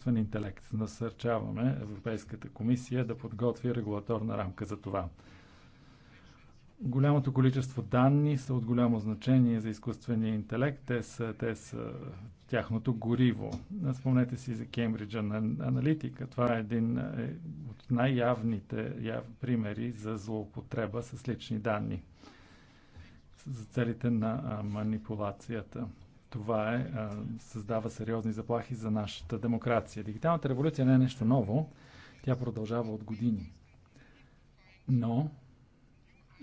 изкуствен интелект. Насърчаваме Европейската комисия да подготви регулаторна рамка за това. Голямото количество данни са от голямо значение за изкуствения интелект. Те са, те са тяхното гориво. Спомнете си за Кембриджа аналитика. Това е един е, от най-явните яв, примери за злоупотреба с лични данни за целите на манипулацията. Това е, създава сериозни заплахи за нашата демокрация. Дигиталната революция не е нещо ново. Тя продължава от години. Но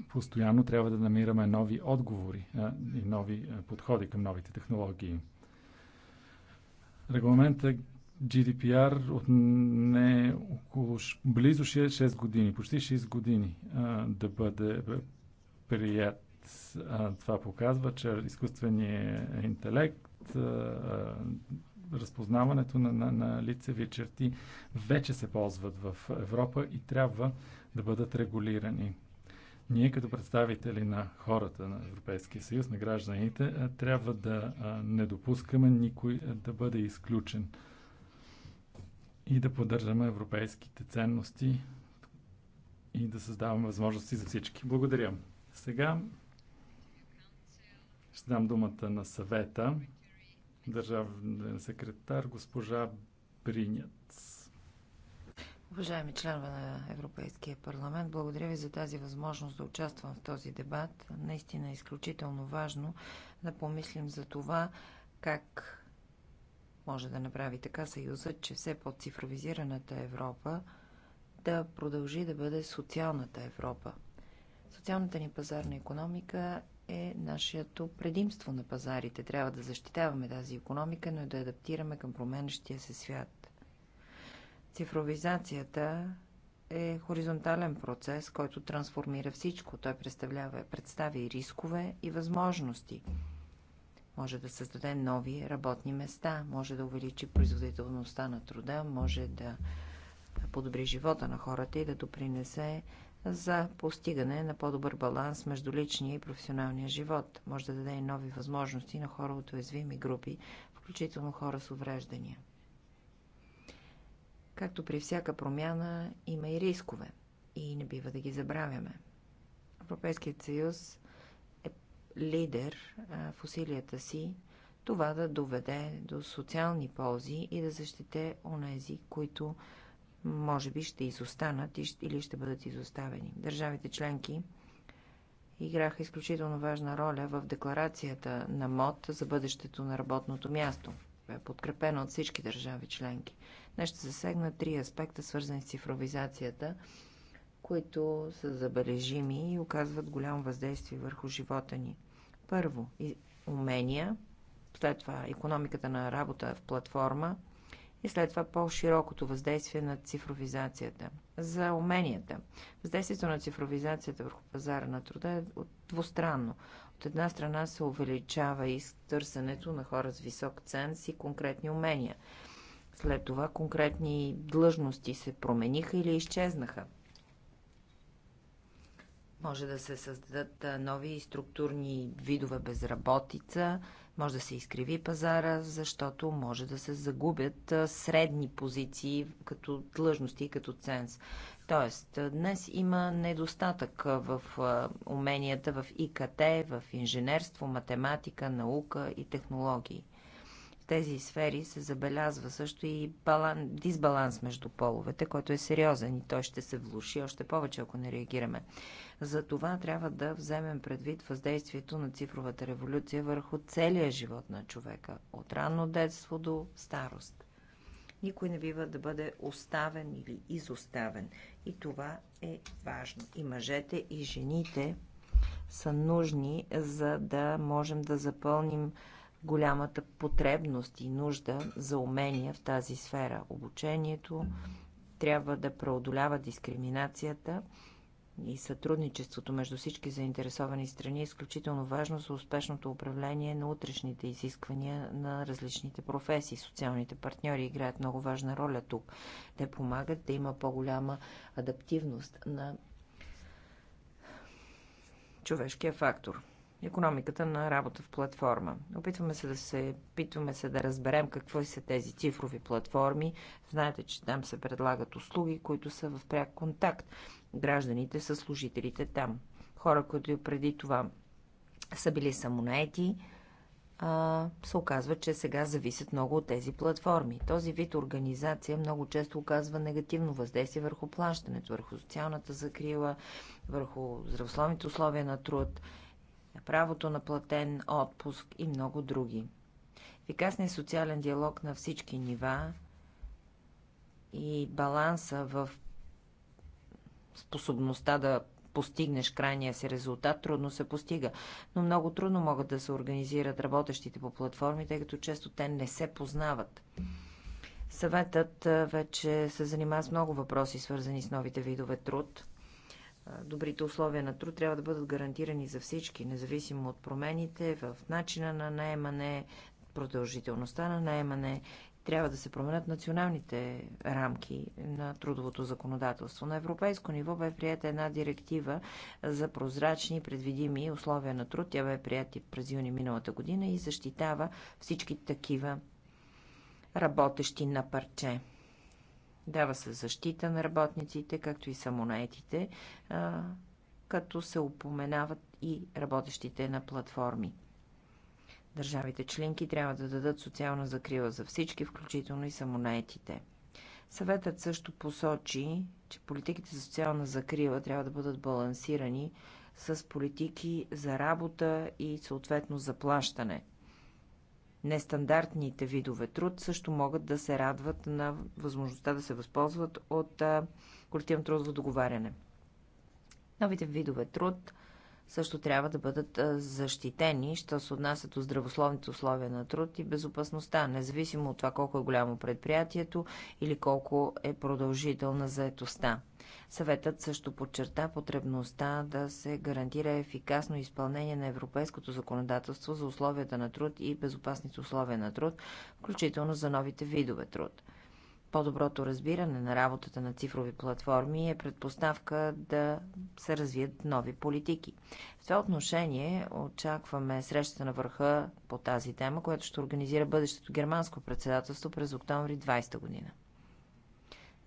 постоянно трябва да намираме нови отговори и нови подходи към новите технологии. Регламента GDPR отне около близо 6 години, почти 6 години да бъде прият това показва, че изкуственият интелект, разпознаването на, на, на лицеви черти вече се ползват в Европа и трябва да бъдат регулирани. Ние като представители на хората на Европейския съюз, на гражданите, трябва да не допускаме никой да бъде изключен и да поддържаме европейските ценности и да създаваме възможности за всички. Благодаря. Сега ще дам думата на съвета. Държавен секретар госпожа Бриняц. Уважаеми членове на Европейския парламент, благодаря ви за тази възможност да участвам в този дебат. Наистина е изключително важно да помислим за това как може да направи така съюзът, че все по-цифровизираната Европа да продължи да бъде социалната Европа. Социалната ни пазарна економика е нашето предимство на пазарите. Трябва да защитаваме тази економика, но и да адаптираме към променящия се свят. Цифровизацията е хоризонтален процес, който трансформира всичко. Той представлява, представя и рискове и възможности. Може да създаде нови работни места, може да увеличи производителността на труда, може да подобри живота на хората и да допринесе за постигане на по-добър баланс между личния и професионалния живот. Може да даде и нови възможности на хора от уязвими групи, включително хора с увреждания. Както при всяка промяна, има и рискове и не бива да ги забравяме. Европейският съюз е лидер в усилията си това да доведе до социални ползи и да защите онези, които може би ще изостанат или ще бъдат изоставени. Държавите членки играха изключително важна роля в декларацията на МОД за бъдещето на работното място. Е подкрепена от всички държави членки. Днес ще засегна три аспекта, свързани с цифровизацията, които са забележими и оказват голямо въздействие върху живота ни. Първо, умения, след това економиката на работа в платформа и след това по-широкото въздействие на цифровизацията. За уменията. Въздействието на цифровизацията върху пазара на труда е двустранно. От една страна се увеличава и търсенето на хора с висок ценз и конкретни умения. След това конкретни длъжности се промениха или изчезнаха. Може да се създадат нови структурни видове безработица – може да се изкриви пазара, защото може да се загубят средни позиции като длъжности, като ценз. Тоест, днес има недостатък в уменията в ИКТ, в инженерство, математика, наука и технологии тези сфери се забелязва също и балан, дисбаланс между половете, който е сериозен и той ще се влуши още повече, ако не реагираме. За това трябва да вземем предвид въздействието на цифровата революция върху целия живот на човека, от ранно детство до старост. Никой не бива да бъде оставен или изоставен. И това е важно. И мъжете, и жените са нужни, за да можем да запълним голямата потребност и нужда за умения в тази сфера. Обучението трябва да преодолява дискриминацията и сътрудничеството между всички заинтересовани страни е изключително важно за успешното управление на утрешните изисквания на различните професии. Социалните партньори играят много важна роля тук. Те помагат да има по-голяма адаптивност на човешкия фактор економиката на работа в платформа. Опитваме се да се, питваме се да разберем какво са тези цифрови платформи. Знаете, че там се предлагат услуги, които са в пряк контакт. Гражданите са служителите там. Хора, които преди това са били самонаети, а, се оказва, че сега зависят много от тези платформи. Този вид организация много често оказва негативно въздействие върху плащането, върху социалната закрила, върху здравословните условия на труд правото на платен отпуск и много други. Ефикасният социален диалог на всички нива и баланса в способността да постигнеш крайния си резултат, трудно се постига. Но много трудно могат да се организират работещите по платформи, тъй като често те не се познават. Съветът вече се занимава с много въпроси, свързани с новите видове труд – добрите условия на труд трябва да бъдат гарантирани за всички, независимо от промените в начина на наемане, продължителността на наемане. Трябва да се променят националните рамки на трудовото законодателство. На европейско ниво бе прията една директива за прозрачни и предвидими условия на труд. Тя бе прията през юни миналата година и защитава всички такива работещи на парче. Дава се защита на работниците, както и самонаетите, като се упоменават и работещите на платформи. Държавите членки трябва да дадат социална закрила за всички, включително и самонаетите. Съветът също посочи, че политиките за социална закрила трябва да бъдат балансирани с политики за работа и съответно за плащане нестандартните видове труд също могат да се радват на възможността да се възползват от колективно трудово договаряне. Новите видове труд също трябва да бъдат защитени, що се отнасят до здравословните условия на труд и безопасността, независимо от това колко е голямо предприятието или колко е продължителна заетостта. Съветът също подчерта потребността да се гарантира ефикасно изпълнение на европейското законодателство за условията на труд и безопасните условия на труд, включително за новите видове труд. По-доброто разбиране на работата на цифрови платформи е предпоставка да се развият нови политики. В това отношение очакваме срещата на върха по тази тема, която ще организира бъдещето германско председателство през октомври 20 година.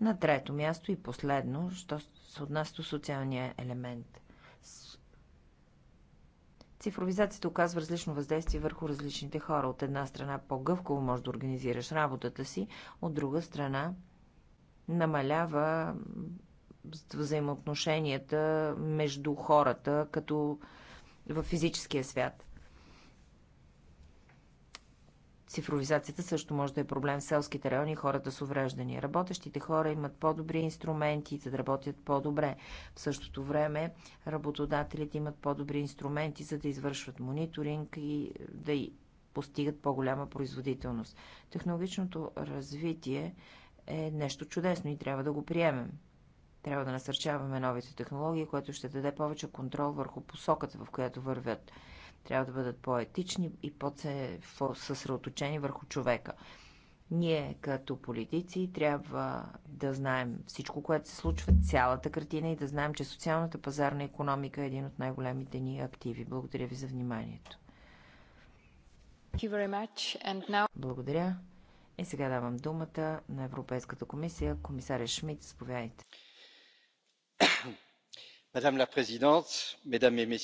На трето място и последно, що се отнася до социалния елемент. Цифровизацията оказва различно въздействие върху различните хора. От една страна по-гъвково може да организираш работата си, от друга страна намалява взаимоотношенията между хората, като в физическия свят. Цифровизацията също може да е проблем в селските райони и хората с увреждания. Работещите хора имат по-добри инструменти, за да работят по-добре. В същото време работодателите имат по-добри инструменти, за да извършват мониторинг и да постигат по-голяма производителност. Технологичното развитие е нещо чудесно и трябва да го приемем. Трябва да насърчаваме новите технологии, което ще даде повече контрол върху посоката, в която вървят. Трябва да бъдат по-етични и по-съсредоточени върху човека. Ние като политици трябва да знаем всичко, което се случва, цялата картина и да знаем, че социалната пазарна економика е един от най-големите ни активи. Благодаря ви за вниманието. Now... Благодаря. И сега давам думата на Европейската комисия. Комисаря Шмидт, заповядайте. Madame la Présidente, Mesdames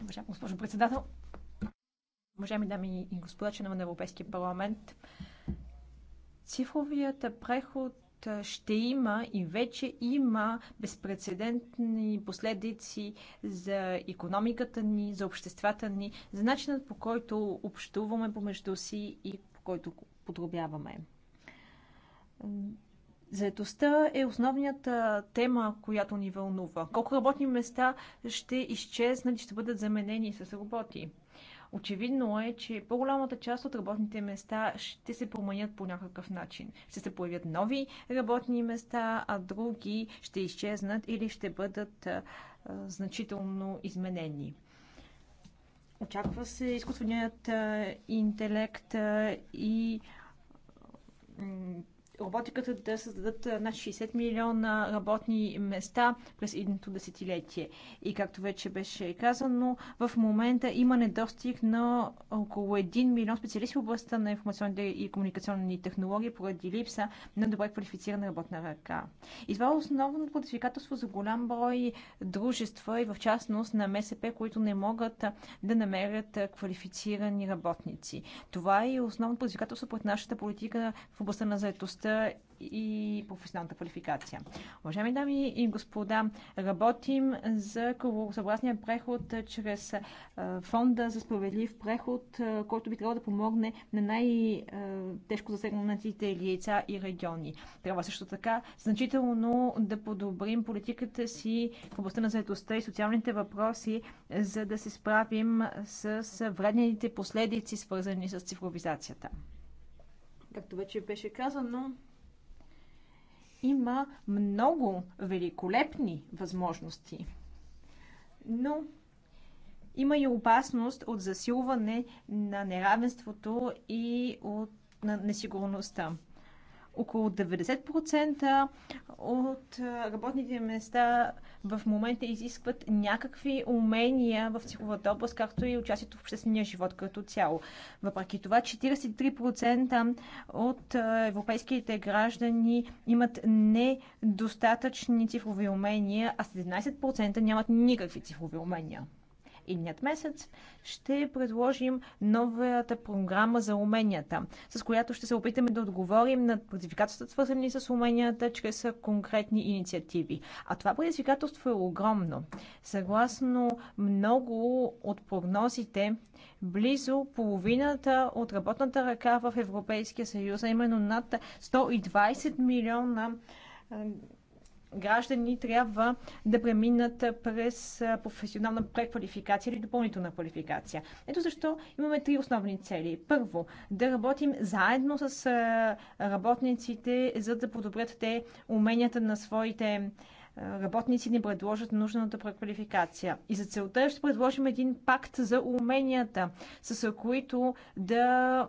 Уважаема госпожо председател, уважаеми дами и господа, членове на Европейския парламент, цифровият преход ще има и вече има безпредседентни последици за економиката ни, за обществата ни, за начинът по който общуваме помежду си и по който подробяваме Заетостта е основната тема, която ни вълнува. Колко работни места ще изчезнат и ще бъдат заменени с роботи? Очевидно е, че по-голямата част от работните места ще се променят по някакъв начин. Ще се появят нови работни места, а други ще изчезнат или ще бъдат а, значително изменени. Очаква се изкуственият интелект и роботиката да създадат над 60 милиона работни места през едното десетилетие. И както вече беше казано, в момента има недостиг на около 1 милион специалисти в областта на информационните и комуникационни технологии поради липса на добре квалифицирана работна ръка. И това е основно предизвикателство за голям брой дружества и в частност на МСП, които не могат да намерят квалифицирани работници. Това е и основно предизвикателство пред нашата политика в областта на заетостта възрастта и професионалната квалификация. Уважаеми дами и господа, работим за кръвосъгласния преход чрез фонда за справедлив преход, който би трябвало да помогне на най-тежко засегнатите лица и региони. Трябва също така значително да подобрим политиката си в областта на заедостта и социалните въпроси, за да се справим с вредните последици, свързани с цифровизацията. Както вече беше казано, има много великолепни възможности. Но има и опасност от засилване на неравенството и от на несигурността около 90% от работните места в момента изискват някакви умения в цифровата област, както и участието в обществения живот като цяло. Въпреки това, 43% от европейските граждани имат недостатъчни цифрови умения, а 17% нямат никакви цифрови умения идният месец, ще предложим новата програма за уменията, с която ще се опитаме да отговорим на предизвикателствата, свързани с уменията, чрез конкретни инициативи. А това предизвикателство е огромно. Съгласно много от прогнозите, близо половината от работната ръка в Европейския съюз, а именно над 120 милиона граждани трябва да преминат през професионална преквалификация или допълнителна квалификация. Ето защо имаме три основни цели. Първо, да работим заедно с работниците, за да подобрят те уменията на своите работници ни предложат нужната преквалификация. И за целта ще предложим един пакт за уменията, с които да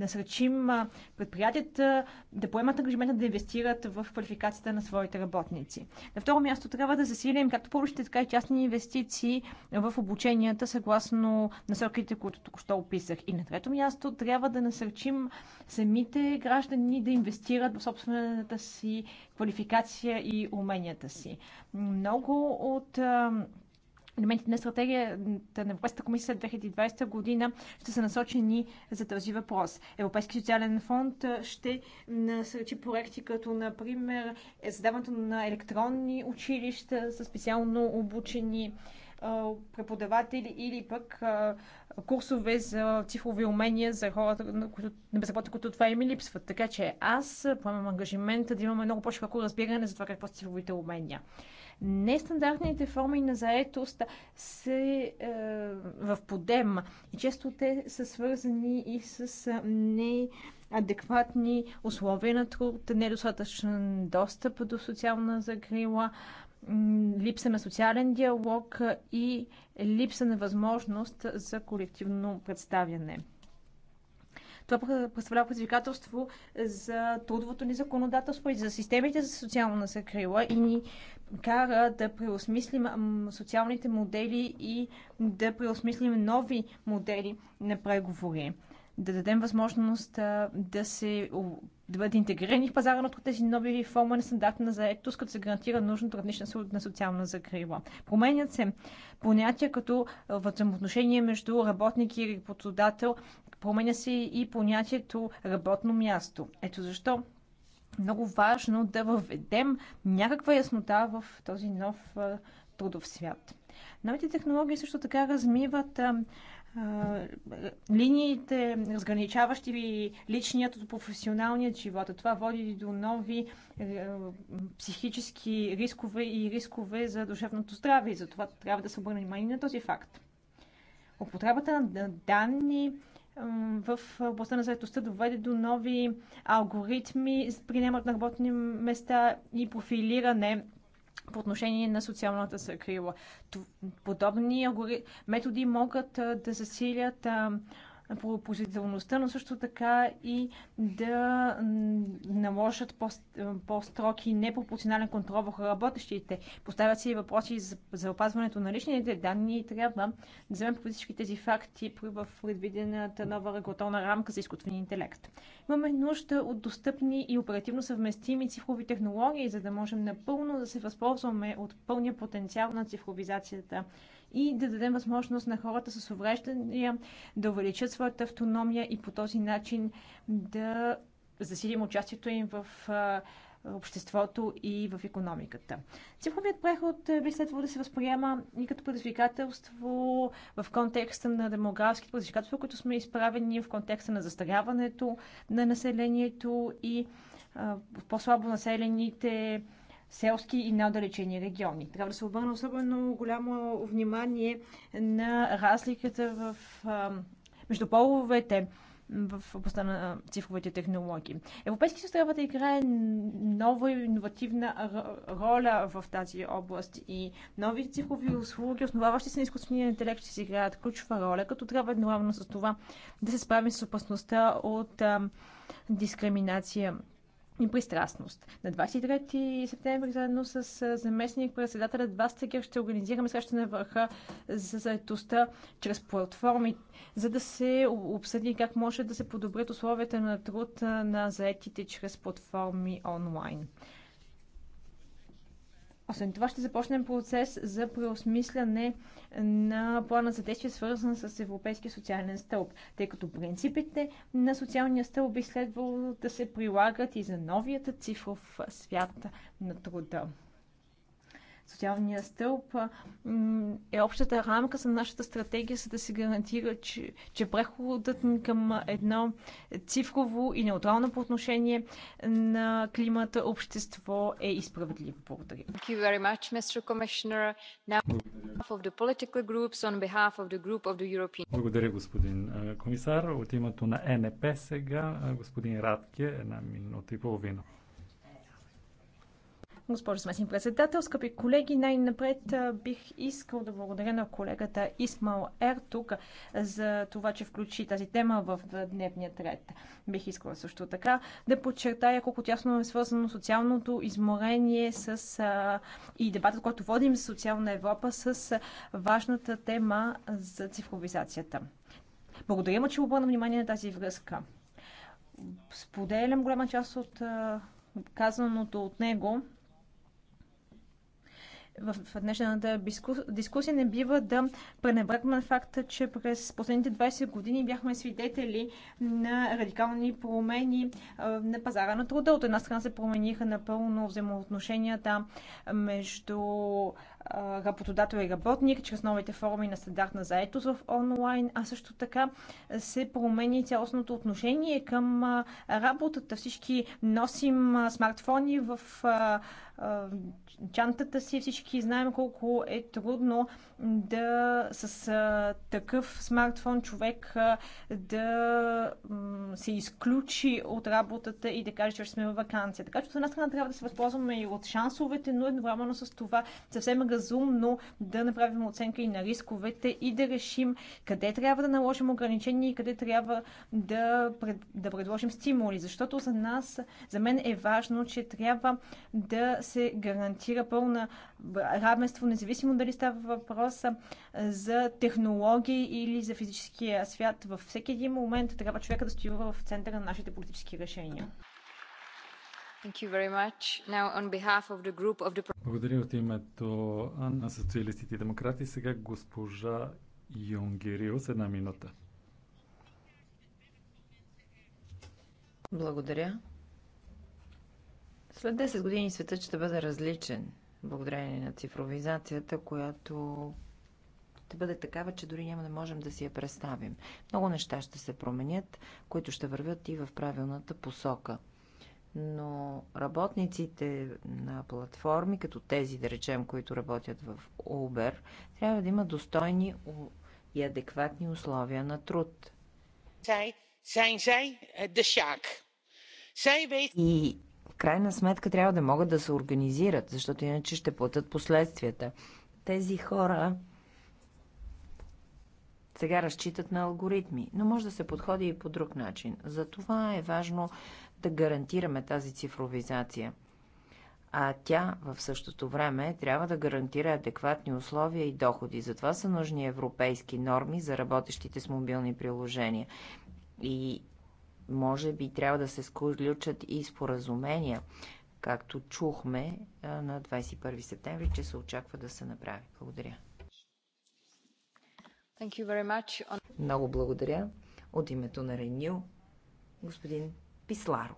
насръчим предприятията да поемат ангажимента да инвестират в квалификацията на своите работници. На второ място трябва да засилим както публичните, така и частни инвестиции в обученията, съгласно насоките, които току-що описах. И на трето място трябва да насърчим самите граждани да инвестират в собствената си квалификация и уменията си. Много от елементите на стратегията на Европейската комисия след 2020 година ще са насочени за този въпрос. Европейски социален фонд ще насърчи проекти като, например, е, създаването на електронни училища за специално обучени преподаватели или пък курсове за цифрови умения за хората, на, които, на безработни, които това им липсват. Така че аз поемам ангажимента да имаме много по-широко разбиране за това какво са цифровите умения. Нестандартните форми на заетост се е, в подем и често те са свързани и с е, не адекватни условия на труд, недостатъчен достъп до социална закрила, липса на социален диалог и липса на възможност за колективно представяне. Това представлява предизвикателство за трудовото ни законодателство и за системите за социална закрила и ни кара да преосмислим социалните модели и да преосмислим нови модели на преговори. Да дадем възможност да се да бъдат интегрирани в пазара на тези нови форми на стандарта на заетост, като се гарантира нужното равнище на социална закрила. Променят се понятия като взаимоотношение между работник и работодател, променя се и понятието работно място. Ето защо много важно да въведем някаква яснота в този нов трудов свят. Новите технологии също така размиват линиите, разграничаващи личният от професионалният живот. Това води до нови е, психически рискове и рискове за душевното здраве. И затова трябва да се обърне внимание на този факт. Употребата на данни в областта на заедостта доведе до нови алгоритми приемат на работни места и профилиране по отношение на социалната закрила. Подобни методи могат да засилят позитивността, но също така и да наложат по-строки непропорционален контрол върху работещите. Поставят се и въпроси за, за опазването на личните данни и трябва да вземем по всички тези факти в предвидената нова регулаторна рамка за изкуствен интелект. Имаме нужда от достъпни и оперативно съвместими цифрови технологии, за да можем напълно да се възползваме от пълния потенциал на цифровизацията и да дадем възможност на хората с увреждания да увеличат своята автономия и по този начин да засилим участието им в обществото и в економиката. Цифровият преход би следвало да се възприема и като предизвикателство в контекста на демографските предизвикателства, които сме изправени в контекста на застаряването на населението и по-слабо населените селски и неодалечени региони. Трябва да се обърна особено голямо внимание на разликата в, а, между половете в областта на цифровите технологии. Европейски съюз трябва да играе нова иновативна роля в тази област и нови цифрови услуги, основаващи се на изкуствения интелект, ще си играят ключова роля, като трябва едновременно с това да се справим с опасността от а, дискриминация и пристрастност. На 23 септември заедно с заместник председателя Двастегер ще организираме среща на върха за заедостта чрез платформи, за да се обсъди как може да се подобрят условията на труд на заетите чрез платформи онлайн. Освен това ще започнем процес за преосмисляне на плана за действие, свързан с Европейския социален стълб, тъй като принципите на социалния стълб би следвало да се прилагат и за новията цифров свят на труда. Социалния стълб е общата рамка за нашата стратегия, за да се гарантира, че, че преходът към едно цифрово и неутрално по отношение на климата общество е и справедливо. Благодаря. Благодаря, господин комисар. От името на НП сега господин Радке, една минута и половина. Госпожо Смесен председател, скъпи колеги, най-напред бих искал да благодаря на колегата Исмал Ертук за това, че включи тази тема в дневния ред. Бих искала също така да подчертая колко тясно е свързано социалното изморение с, а, и дебатът, който водим за социална Европа с важната тема за цифровизацията. Благодаря му, че обърна внимание на тази връзка. Споделям голяма част от казаното от него, в днешната дискусия не бива да пренебрегваме факта, че през последните 20 години бяхме свидетели на радикални промени на пазара на труда. От една страна се промениха напълно взаимоотношенията между работодател и работник, чрез новите форми на стандартна заетост в онлайн, а също така се промени цялостното отношение към работата. Всички носим смартфони в чантата си, всички знаем колко е трудно да с такъв смартфон човек да се изключи от работата и да каже, че сме във вакансия. Така че от една страна трябва да се възползваме и от шансовете, но едновременно с това съвсем разумно да направим оценка и на рисковете и да решим къде трябва да наложим ограничения и къде трябва да, пред, да предложим стимули. Защото за нас, за мен е важно, че трябва да се гарантира пълна равенство, независимо дали става въпроса за технологии или за физическия свят. Във всеки един момент трябва човека да стои в центъра на нашите политически решения. Thank you very much. Now, on behalf of the group of the благодаря от името на социалистите и демократи. Сега госпожа с една минута. Благодаря. След 10 години светът ще бъде различен, благодарение на цифровизацията, която ще бъде такава, че дори няма да можем да си я представим. Много неща ще се променят, които ще вървят и в правилната посока но работниците на платформи, като тези, да речем, които работят в Uber, трябва да имат достойни и адекватни условия на труд. Eh, и в крайна сметка трябва да могат да се организират, защото иначе ще платят последствията. Тези хора сега разчитат на алгоритми, но може да се подходи и по друг начин. Затова е важно да гарантираме тази цифровизация. А тя в същото време трябва да гарантира адекватни условия и доходи. Затова са нужни европейски норми за работещите с мобилни приложения. И може би трябва да се сключат и споразумения, както чухме на 21 септември, че се очаква да се направи. Благодаря. Много благодаря. От името на Реню, господин Писларо.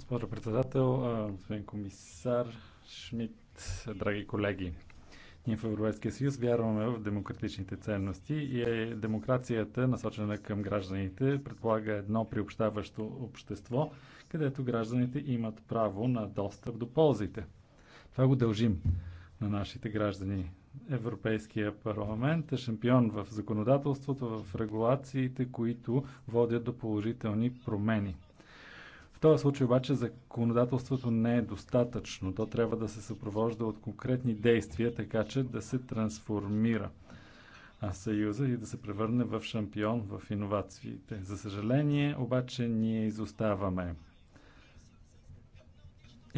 Госпожо председател, господин комисар Шмидт, драги колеги. Ние в Европейския съюз вярваме в демократичните ценности и е демокрацията, насочена към гражданите, предполага едно приобщаващо общество, където гражданите имат право на достъп до ползите. Това го дължим на нашите граждани, Европейския парламент е шампион в законодателството, в регулациите, които водят до положителни промени. В този случай обаче законодателството не е достатъчно. То трябва да се съпровожда от конкретни действия, така че да се трансформира Съюза и да се превърне в шампион в иновациите. За съжаление, обаче ние изоставаме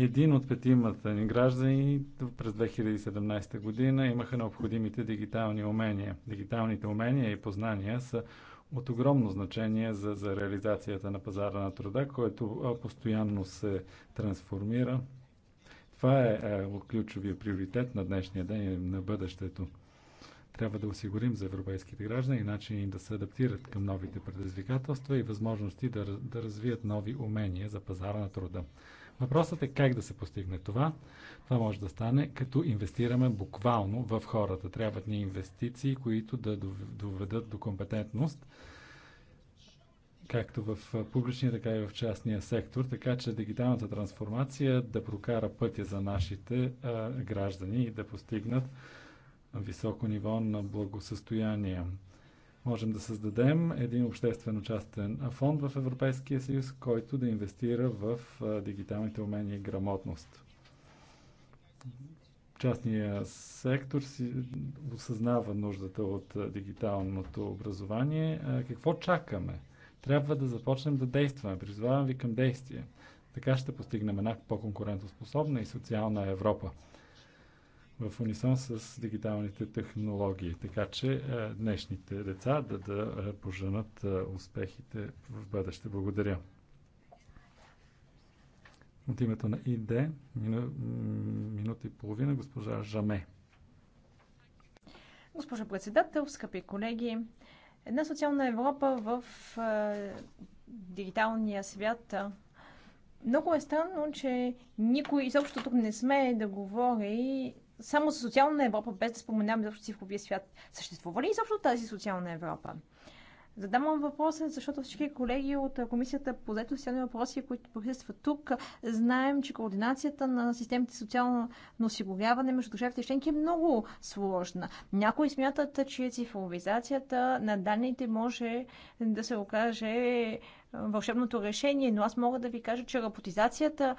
един от петимата ни граждани през 2017 година имаха необходимите дигитални умения. Дигиталните умения и познания са от огромно значение за, за реализацията на пазара на труда, който постоянно се трансформира. Това е, е ключовия приоритет на днешния ден и на бъдещето. Трябва да осигурим за европейските граждани начини да се адаптират към новите предизвикателства и възможности да, да развият нови умения за пазара на труда. Въпросът е как да се постигне това. Това може да стане, като инвестираме буквално в хората. Трябват ни инвестиции, които да доведат до компетентност, както в публичния, така и в частния сектор, така че дигиталната трансформация да прокара пътя за нашите а, граждани и да постигнат високо ниво на благосъстояние можем да създадем един обществено-частен фонд в Европейския съюз, който да инвестира в дигиталните умения и грамотност. Частния сектор си осъзнава нуждата от дигиталното образование. Какво чакаме? Трябва да започнем да действаме. Призовавам ви към действие. Така ще постигнем една по-конкурентоспособна и социална Европа в унисон с дигиталните технологии, така че е, днешните деца да, да е, поженат е, успехите в бъдеще. Благодаря. От името на ИД, мину, минута и половина, госпожа Жаме. Госпожа председател, скъпи колеги, една социална Европа в е, дигиталния свят. Много е странно, че никой изобщо тук не смее да говори само за социална Европа, без да споменаваме изобщо цифровия свят. Съществува ли изобщо тази социална Европа? Задавам въпроса, защото всички колеги от Комисията по заедно социални въпроси, които присъстват тук, знаем, че координацията на системите социално осигуряване между държавите членки е много сложна. Някои смятат, че цифровизацията на данните може да се окаже вълшебното решение, но аз мога да ви кажа, че роботизацията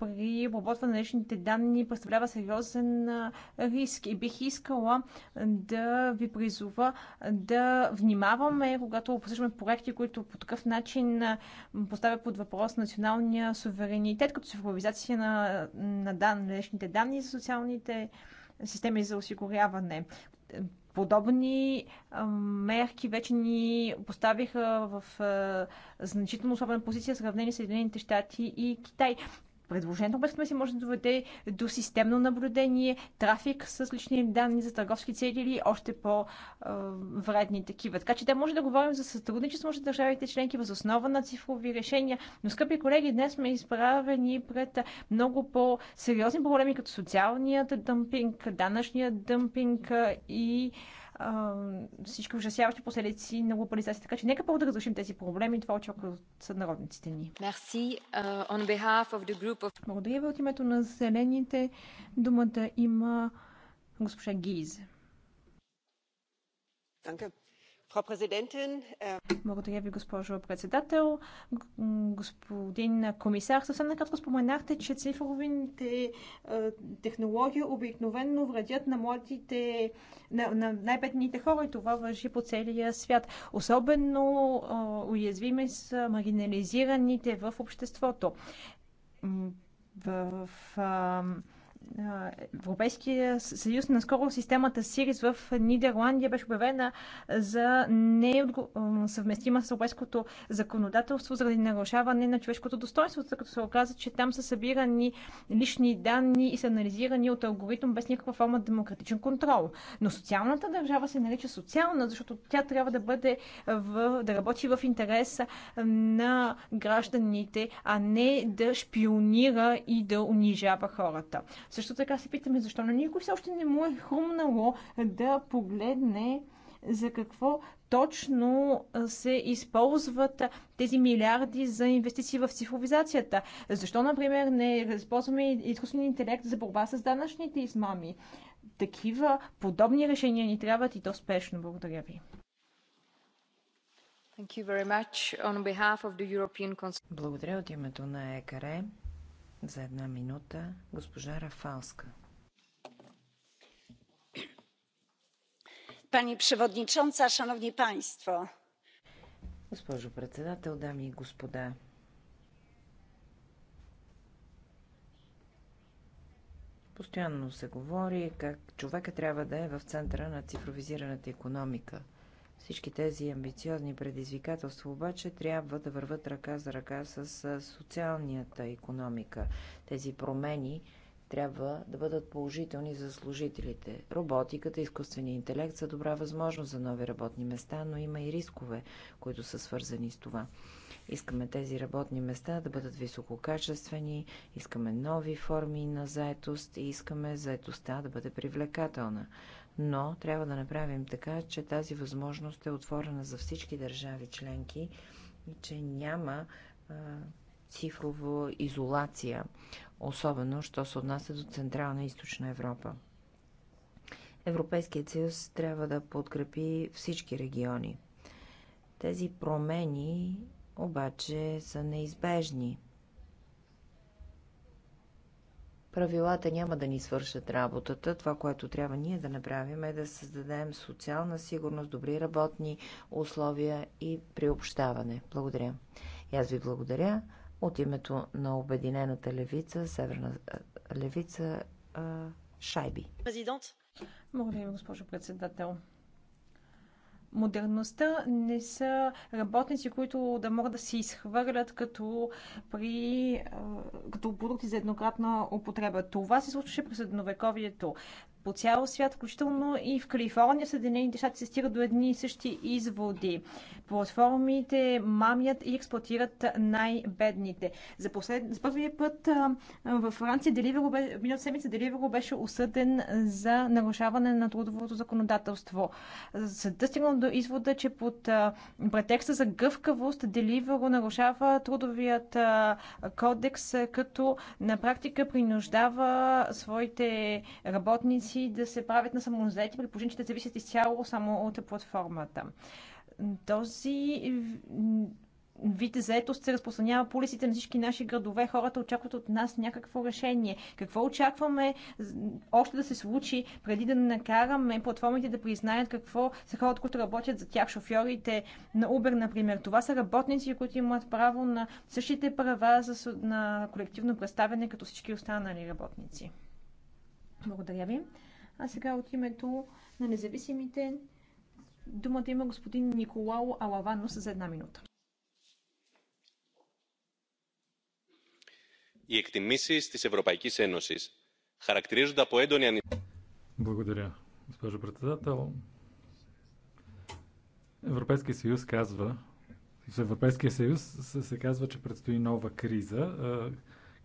при обработване на личните данни представлява сериозен риск и бих искала да ви призова да внимаваме, когато обсъждаме проекти, които по такъв начин поставят под въпрос националния суверенитет, като цифровизация на, на, дан, на личните данни за социалните системи за осигуряване Подобни мерки вече ни поставиха в значително особена позиция, сравнени с Съединените щати и Китай. Предложението на си, може да доведе до системно наблюдение, трафик с лични данни за търговски цели или още по-вредни такива. Така че да може да говорим за сътрудничество между държавите членки въз основа на цифрови решения. Но, скъпи колеги, днес сме изправени пред много по-сериозни проблеми, като социалният дъмпинг, данъчният дъмпинг и всички ужасяващи последици на глобализацията. Така че нека първо да разрешим тези проблеми. Това очаква от съднародниците ни. Merci, uh, on behalf of the group of... Благодаря ви от името на зелените. Думата има госпожа Гиз. Danke. Äh, Благодаря ви, госпожо председател. Господин комисар, съвсем накратко споменахте, че цифровите е, технологии обикновенно вредят на младите, на, на най-бедните хора и това въжи по целия свят. Особено е, уязвими са маргинализираните в обществото. В, в е, Европейския съюз, наскоро системата Сирис в Нидерландия беше обявена за несъвместима с европейското законодателство заради нарушаване на човешкото достоинство, тъй като се оказа, че там са събирани лични данни и са анализирани от алгоритъм без никаква форма демократичен контрол. Но социалната държава се нарича социална, защото тя трябва да бъде в, да работи в интерес на гражданите, а не да шпионира и да унижава хората. Също така се питаме защо на никой все още не му е хрумнало да погледне за какво точно се използват тези милиарди за инвестиции в цифровизацията? Защо, например, не използваме изкуствен интелект за борба с данъчните измами? Такива подобни решения ни трябват и то спешно. Благодаря ви. Благодаря от името на ЕКР. За една минута госпожа Рафалска. Пани Przewodnicząca, шановни Państwo! Госпожо председател, дами и господа! Постоянно се говори как човека трябва да е в центъра на цифровизираната економика – всички тези амбициозни предизвикателства обаче трябва да върват ръка за ръка с социалната економика. Тези промени трябва да бъдат положителни за служителите. Роботиката, изкуственият интелект са добра възможност за нови работни места, но има и рискове, които са свързани с това. Искаме тези работни места да бъдат висококачествени, искаме нови форми на заетост и искаме заетостта да бъде привлекателна но трябва да направим така, че тази възможност е отворена за всички държави членки и че няма а, цифрова изолация, особено, що се отнася до Централна и Източна Европа. Европейският съюз трябва да подкрепи всички региони. Тези промени обаче са неизбежни – Правилата няма да ни свършат работата. Това, което трябва ние да направим е да създадем социална сигурност, добри работни условия и приобщаване. Благодаря. И аз ви благодаря. От името на Обединената левица, Северна левица, Шайби. Президент. Благодаря ви, госпожо председател модерността не са работници, които да могат да се изхвърлят като, при, като продукти за еднократна употреба. Това се случваше през едновековието по цял свят, включително и в Калифорния, Съединените щати се стигат до едни и същи изводи. Платформите мамят и експлуатират най-бедните. За, послед... за първия път в във Франция Деливеро беше... миналата седмица Деливеро беше осъден за нарушаване на трудовото законодателство. Съдът стигна до извода, че под претекста за гъвкавост Деливеро нарушава трудовият кодекс, като на практика принуждава своите работници си да се правят на самозаети, при положение, че те зависят изцяло само от платформата. Този вид заетост се разпространява по улиците на всички наши градове. Хората очакват от нас някакво решение. Какво очакваме още да се случи, преди да накараме платформите да признаят какво са хората, които работят за тях, шофьорите на Uber, например. Това са работници, които имат право на същите права за, на колективно представяне, като всички останали работници. Благодаря ви. А сега от името на независимите думата има господин Николао Алаванус за една минута. Οι εκτιμήσει τη Ευρωπαϊκή Ένωση χαρακτηρίζονται από έντονη ανησυχία. Благодаря, госпожо председател. Европейския съюз казва, в Европейския съюз се, се казва, че предстои нова криза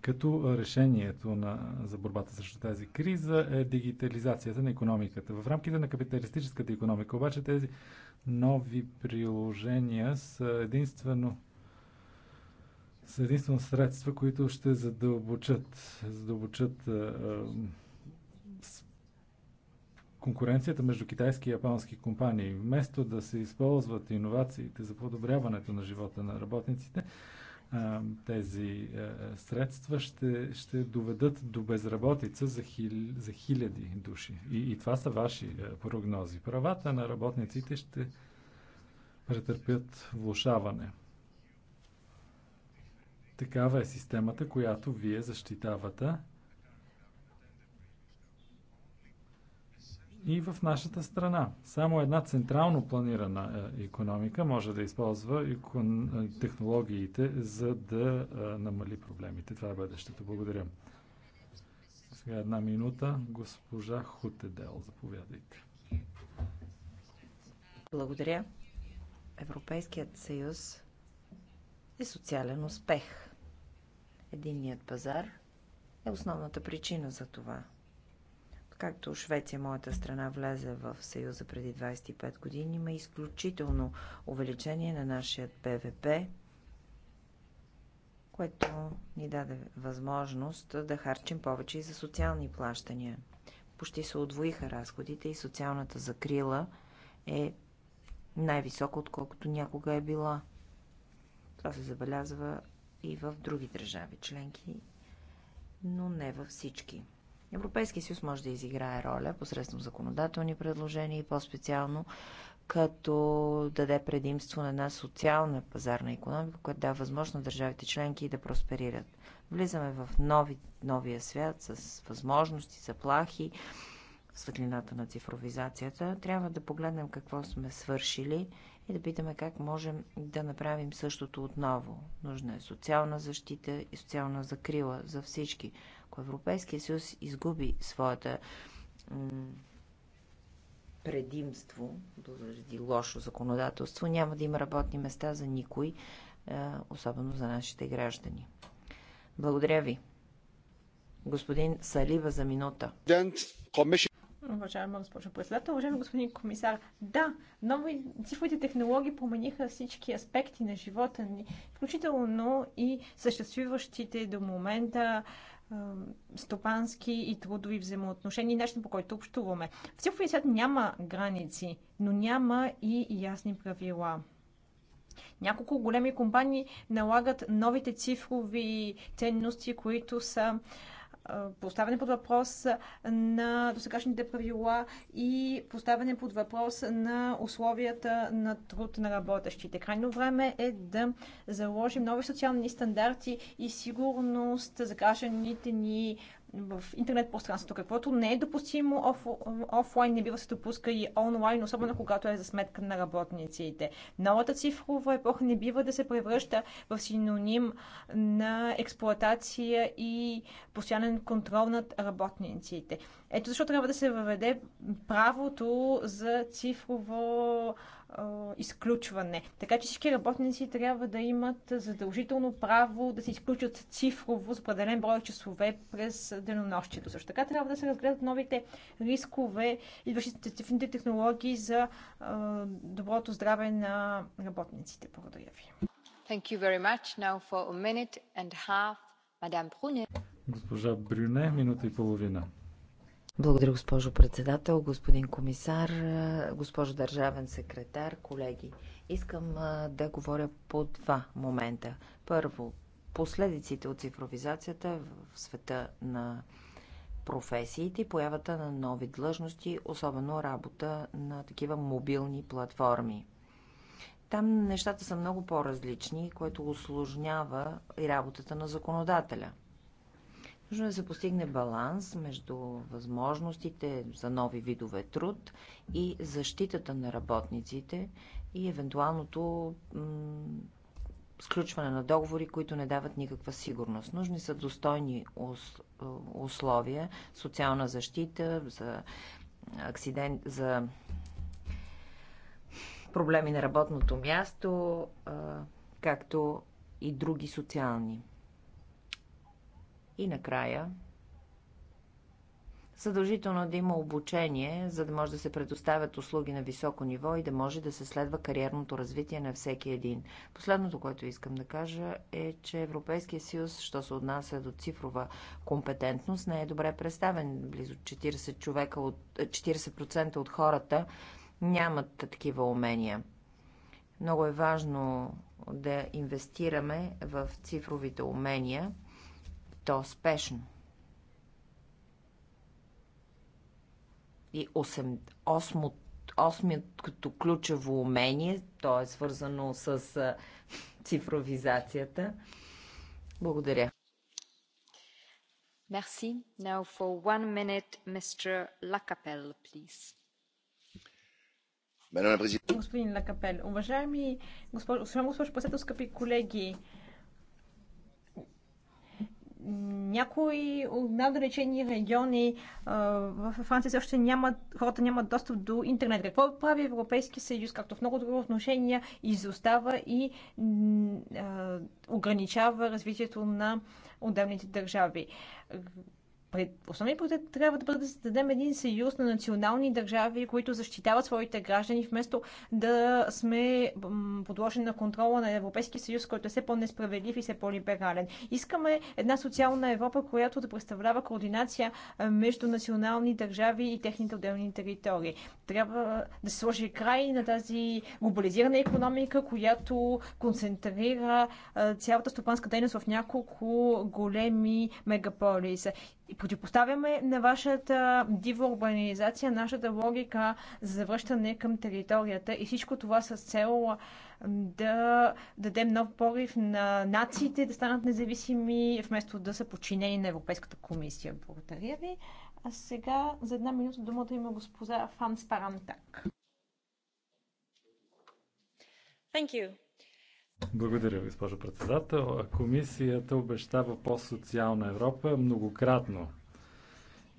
като решението на, за борбата срещу тази криза е дигитализацията на економиката. В рамките на капиталистическата економика обаче тези нови приложения са единствено са единствено средства, които ще задълбочат, задълбочат е, конкуренцията между китайски и японски компании. Вместо да се използват иновациите за подобряването на живота на работниците, тези средства ще, ще доведат до безработица за, хил, за хиляди души. И, и това са ваши прогнози. Правата на работниците ще претърпят влушаване. Такава е системата, която вие защитавате. и в нашата страна. Само една централно планирана економика може да използва е, технологиите, за да е, намали проблемите. Това е бъдещето. Благодаря. Сега една минута. Госпожа Хутедел, заповядайте. Благодаря. Европейският съюз е социален успех. Единният пазар е основната причина за това – Както Швеция, моята страна, влезе в Съюза преди 25 години, има изключително увеличение на нашия ПВП, което ни даде възможност да харчим повече и за социални плащания. Почти се отвоиха разходите и социалната закрила е най-висока, отколкото някога е била. Това се забелязва и в други държави членки, но не във всички. Европейския съюз може да изиграе роля посредством законодателни предложения и по-специално като даде предимство на една социална пазарна економика, която дава възможност на държавите членки да просперират. Влизаме в нови, новия свят с възможности, заплахи, светлината на цифровизацията. Трябва да погледнем какво сме свършили и да питаме как можем да направим същото отново. Нужна е социална защита и социална закрила за всички – ако Европейския съюз изгуби своята предимство, заради лошо законодателство, няма да има работни места за никой, е, особено за нашите граждани. Благодаря ви. Господин Салива за минута. Уважаема госпожо председател, уважаеми господин комисар, да, нови цифровите технологии промениха всички аспекти на живота ни, включително и съществуващите до момента стопански и трудови взаимоотношения и начин по който общуваме. В цифровия свят няма граници, но няма и ясни правила. Няколко големи компании налагат новите цифрови ценности, които са поставяне под въпрос на досегашните правила и поставяне под въпрос на условията на труд на работещите. Крайно време е да заложим нови социални стандарти и сигурност за гражданите ни в интернет пространството, каквото не е допустимо оф, офлайн, не бива се допуска и онлайн, особено когато е за сметка на работниците. Новата цифрова епоха не бива да се превръща в синоним на експлоатация и постоянен контрол над работниците. Ето защо трябва да се въведе правото за цифрово изключване. Така че всички работници трябва да имат задължително право да се изключат цифрово с определен брой часове през денонощието. Също така трябва да се разгледат новите рискове, идващи от технологии за доброто здраве на работниците. Благодаря ви. Thank you very much. Now for a minute and a half, Madame Brunet. Госпожа Брюне, минута и половина. Благодаря, госпожо председател, господин комисар, госпожо държавен секретар, колеги. Искам да говоря по два момента. Първо, последиците от цифровизацията в света на професиите и появата на нови длъжности, особено работа на такива мобилни платформи. Там нещата са много по-различни, което осложнява и работата на законодателя – Нужно да се постигне баланс между възможностите за нови видове труд и защитата на работниците и евентуалното сключване на договори, които не дават никаква сигурност. Нужни са достойни е, условия, социална защита за акцидент, за проблеми на работното място, както и други социални. И накрая, задължително да има обучение, за да може да се предоставят услуги на високо ниво и да може да се следва кариерното развитие на всеки един. Последното, което искам да кажа е, че Европейския съюз, що се отнася до цифрова компетентност, не е добре представен. Близо 40%, човека от, 40% от хората нямат такива умения. Много е важно да инвестираме в цифровите умения – то спешно. И 8, като ключово умение, то е свързано с цифровизацията. Благодаря. Merci. Now for one minute, Mr. Lacapelle, please. Господин Лакапел, уважаеми госпожо, госпожо председател, скъпи колеги, някои най-отдалечени региони в Франция все още нямат, хората нямат достъп до интернет. Какво прави Европейски съюз, както в много други отношения, изостава и ограничава развитието на отделните държави. Основният приоритет трябва да бъде да създадем един съюз на национални държави, които защитават своите граждани, вместо да сме подложени на контрола на Европейския съюз, който е все по-несправедлив и все по-либерален. Искаме една социална Европа, която да представлява координация между национални държави и техните отделни територии. Трябва да се сложи край на тази глобализирана економика, която концентрира цялата стопанска дейност в няколко големи мегаполиса и противопоставяме на вашата дива урбанизация, нашата логика за завръщане към територията и всичко това с цел да дадем нов порив на нациите да станат независими, вместо да са подчинени на Европейската комисия. Благодаря ви. А сега за една минута думата има госпожа Фан Спарантак. Thank you. Благодаря, госпожо председател. Комисията обещава по-социална Европа многократно.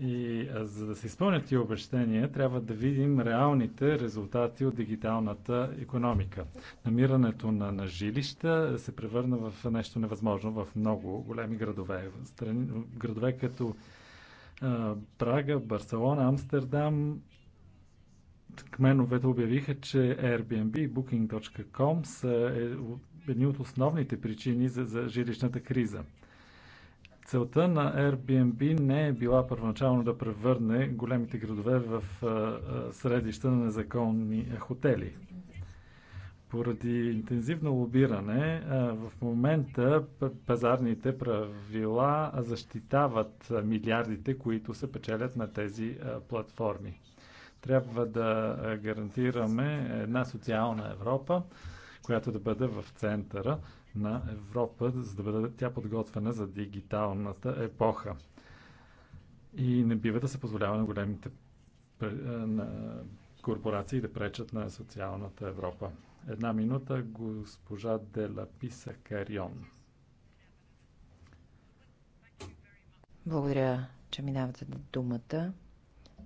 И за да се изпълнят тия обещания, трябва да видим реалните резултати от дигиталната економика. Намирането на, на жилища се превърна в нещо невъзможно в много големи градове. Страни, градове като а, Прага, Барселона, Амстердам кменовете обявиха, че Airbnb и Booking.com са е, едни от основните причини за, за жилищната криза. Целта на Airbnb не е била първоначално да превърне големите градове в средища на незаконни хотели. Поради интензивно лобиране, в момента пазарните правила защитават милиардите, които се печелят на тези платформи. Трябва да е, гарантираме една социална Европа, която да бъде в центъра на Европа, за да бъде тя подготвена за дигиталната епоха. И не бива да се позволява на големите е, на корпорации да пречат на социалната Европа. Една минута госпожа Делаписа Карион. Благодаря, че ми давате думата.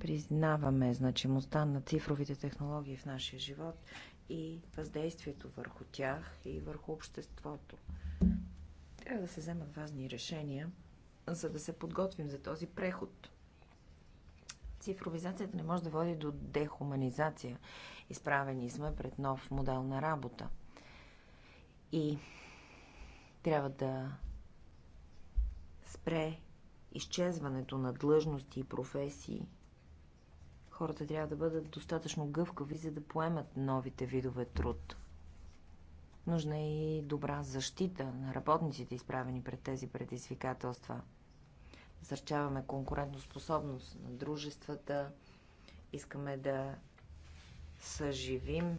Признаваме значимостта на цифровите технологии в нашия живот и въздействието върху тях и върху обществото. Трябва да се вземат важни решения, за да се подготвим за този преход. Цифровизацията не може да води до дехуманизация. Изправени сме пред нов модел на работа. И трябва да спре изчезването на длъжности и професии, Хората трябва да бъдат достатъчно гъвкави, за да поемат новите видове труд. Нужна е и добра защита на работниците, изправени пред тези предизвикателства. Насърчаваме конкурентоспособност на дружествата, искаме да съживим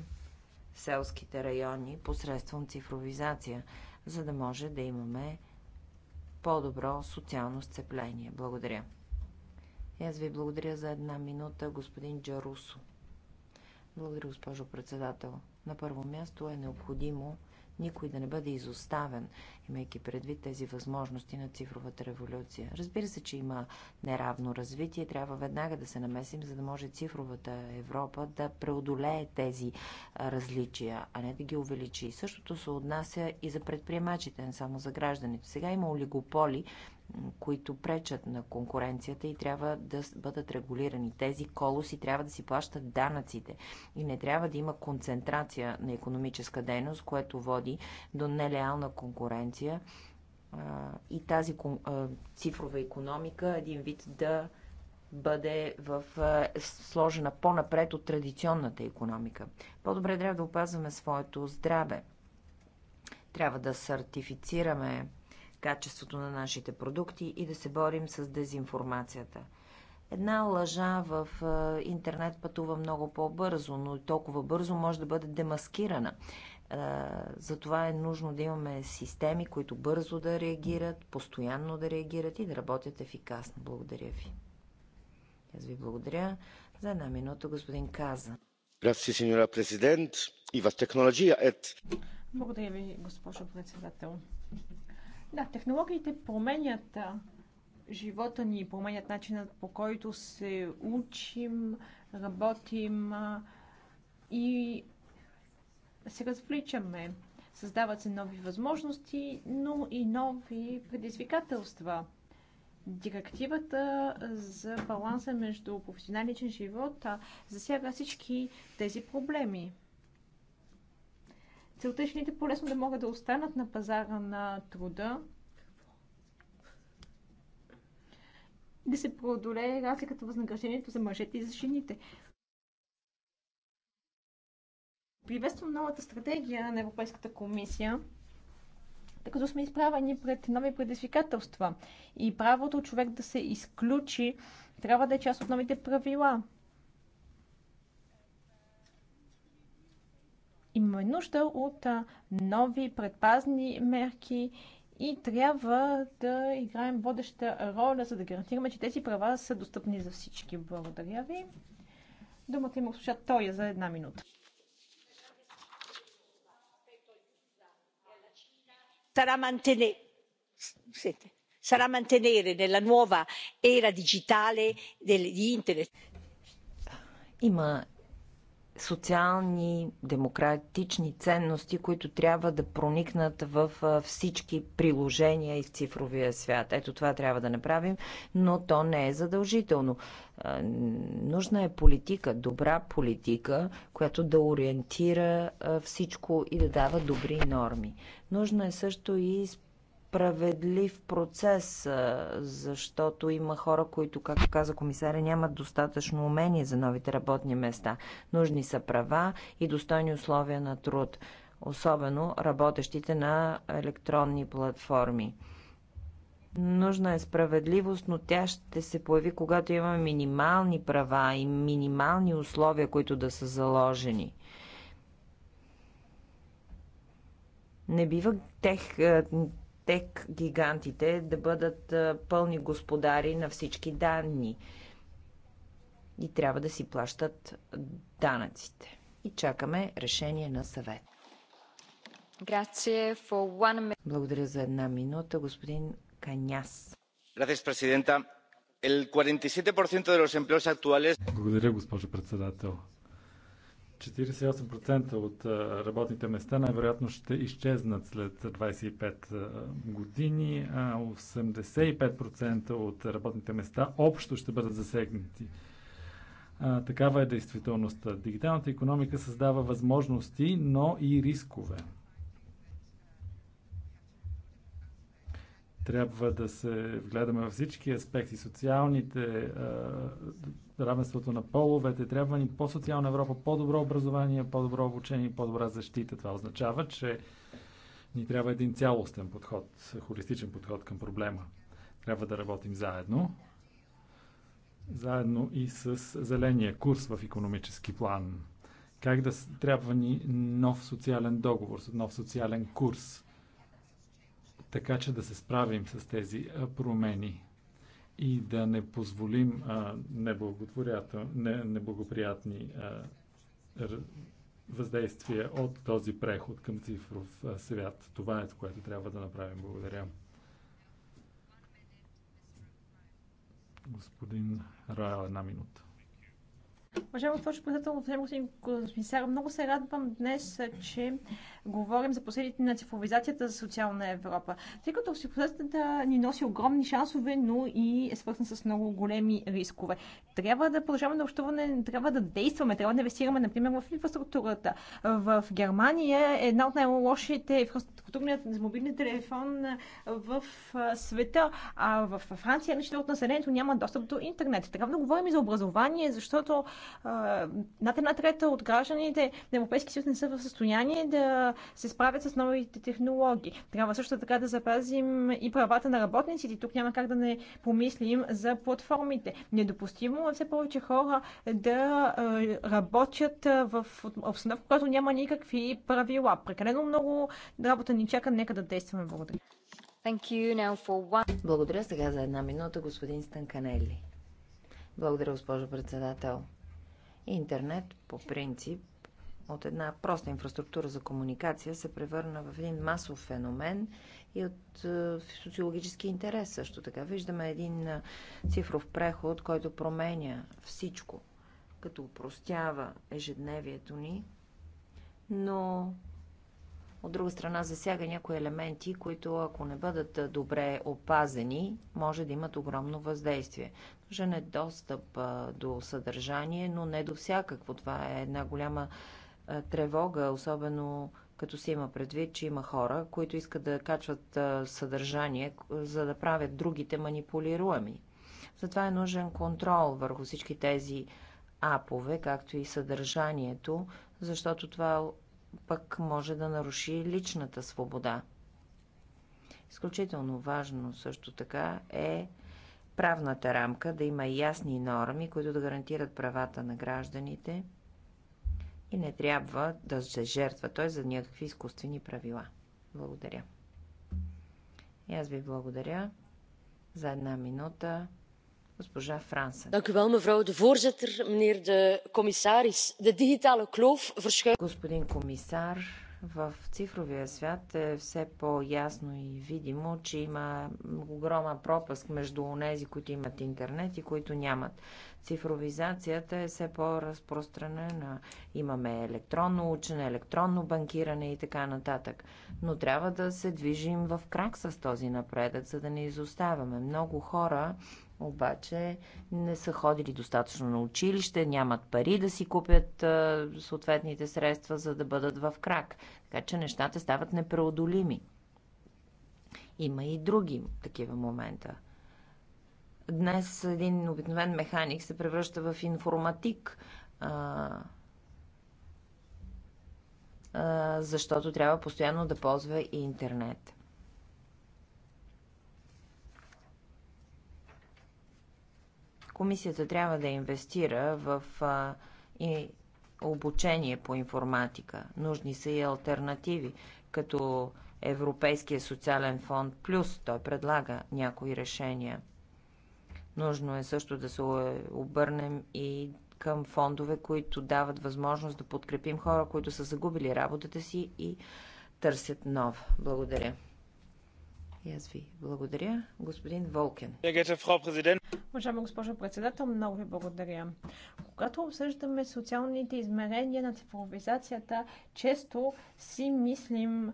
селските райони посредством цифровизация, за да може да имаме по-добро социално сцепление. Благодаря. И аз ви благодаря за една минута, господин Джарусо. Благодаря, госпожо председател. На първо място е необходимо никой да не бъде изоставен, имайки предвид тези възможности на цифровата революция. Разбира се, че има неравно развитие, трябва веднага да се намесим, за да може цифровата Европа да преодолее тези различия, а не да ги увеличи. Същото се отнася и за предприемачите, не само за гражданите. Сега има олигополи които пречат на конкуренцията и трябва да бъдат регулирани. Тези колоси трябва да си плащат данъците и не трябва да има концентрация на економическа дейност, което води до нелеална конкуренция и тази цифрова економика един вид да бъде в, сложена по-напред от традиционната економика. По-добре трябва да опазваме своето здраве. Трябва да сертифицираме качеството на нашите продукти и да се борим с дезинформацията. Една лъжа в интернет пътува много по-бързо, но толкова бързо може да бъде демаскирана. Затова е нужно да имаме системи, които бързо да реагират, постоянно да реагират и да работят ефикасно. Благодаря ви. Аз ви благодаря. За една минута господин Каза. Грация, сеньора президент. И в технология Благодаря ви, госпожо председател. Да, технологиите променят живота ни, променят начинът по който се учим, работим и се развличаме. Създават се нови възможности, но и нови предизвикателства. Директивата за баланса между професионален живот засяга всички тези проблеми. Целта е жените по-лесно да могат да останат на пазара на труда, да се преодолее разликата възнаграждението за мъжете и за жените. Приветствам новата стратегия на Европейската комисия, тъй като сме изправени пред нови предизвикателства и правото човек да се изключи трябва да е част от новите правила. Имаме нужда от нови предпазни мерки и трябва да играем водеща роля, за да гарантираме, че тези права са достъпни за всички. Благодаря ви. Думата има госпожа Тоя за една минута. Sarà mantenere, sarà mantenere nella nuova era digitale di internet. Има социални, демократични ценности, които трябва да проникнат в всички приложения и в цифровия свят. Ето това трябва да направим, но то не е задължително. Нужна е политика, добра политика, която да ориентира всичко и да дава добри норми. Нужно е също и справедлив процес, защото има хора, които, както каза комисаря, нямат достатъчно умение за новите работни места. Нужни са права и достойни условия на труд, особено работещите на електронни платформи. Нужна е справедливост, но тя ще се появи, когато има минимални права и минимални условия, които да са заложени. Не бива тех, тек гигантите да бъдат пълни господари на всички данни и трябва да си плащат данъците. И чакаме решение на съвет. Благодаря за една минута, господин Каняс. Благодаря, госпожо председател. 48% от работните места най-вероятно ще изчезнат след 25 години, а 85% от работните места общо ще бъдат засегнати. А, такава е действителността. Дигиталната економика създава възможности, но и рискове. трябва да се вгледаме във всички аспекти, социалните, равенството на половете. Трябва ни по-социална Европа, по-добро образование, по-добро обучение по-добра защита. Това означава, че ни трябва един цялостен подход, холистичен подход към проблема. Трябва да работим заедно, заедно и с зеления курс в економически план. Как да трябва ни нов социален договор, нов социален курс, така че да се справим с тези промени и да не позволим а, не, неблагоприятни а, въздействия от този преход към цифров свят. Това е което трябва да направим. Благодаря. Господин Роял, една минута. Уважаемо госпожо председател, уважаемо господин комисар, много се радвам днес, че говорим за последните на цифровизацията за социална Европа. Тъй като цифровизацията ни носи огромни шансове, но и е свързана с много големи рискове. Трябва да продължаваме на общуване, трябва да действаме, трябва да инвестираме, например, в инфраструктурата. В Германия е една от най-лошите инфраструктурният мобилен телефон в света, а в Франция нещо от населението няма достъп до интернет. Трябва да говорим и за образование, защото над една трета от гражданите на Европейски съюз не са в състояние да се справят с новите технологии. Трябва също така да запазим и правата на работниците. Тук няма как да не помислим за платформите. Недопустимо е все повече хора да работят в обстановка, която няма никакви правила. Прекалено много работа ни чака. Нека да действаме. Благодаря. One... Благодаря сега за една минута, господин Станканели. Благодаря, госпожо председател. Интернет по принцип от една проста инфраструктура за комуникация се превърна в един масов феномен и от е, социологически интерес също така. Виждаме един е, цифров преход, който променя всичко, като упростява ежедневието ни, но от друга страна засяга някои елементи, които ако не бъдат добре опазени, може да имат огромно въздействие. Нужен е достъп до съдържание, но не до всякакво. Това е една голяма тревога, особено като се има предвид, че има хора, които искат да качват съдържание, за да правят другите манипулируеми. Затова е нужен контрол върху всички тези апове, както и съдържанието, защото това пък може да наруши личната свобода. Изключително важно също така е правната рамка да има ясни норми, които да гарантират правата на гражданите и не трябва да се жертва той за някакви изкуствени правила. Благодаря. И аз ви благодаря за една минута госпожа Франсен. Господин комисар, в цифровия свят е все по-ясно и видимо, че има огромен пропуск между онези, които имат интернет и които нямат. Цифровизацията е все по-разпространена. Имаме електронно учене, електронно банкиране и така нататък. Но трябва да се движим в крак с този напредък, за да не изоставяме. Много хора обаче не са ходили достатъчно на училище, нямат пари да си купят съответните средства, за да бъдат в крак. Така че нещата стават непреодолими. Има и други такива момента. Днес един обикновен механик се превръща в информатик, а, а, защото трябва постоянно да ползва и интернет. Комисията трябва да инвестира в а, и обучение по информатика. Нужни са и альтернативи, като Европейския социален фонд плюс той предлага някои решения. Нужно е също да се обърнем и към фондове, които дават възможност да подкрепим хора, които са загубили работата си и търсят нов. Благодаря. И аз ви благодаря. Господин Волкен. Уважаема госпожо председател, много ви благодаря. Когато обсъждаме социалните измерения на цифровизацията, често си мислим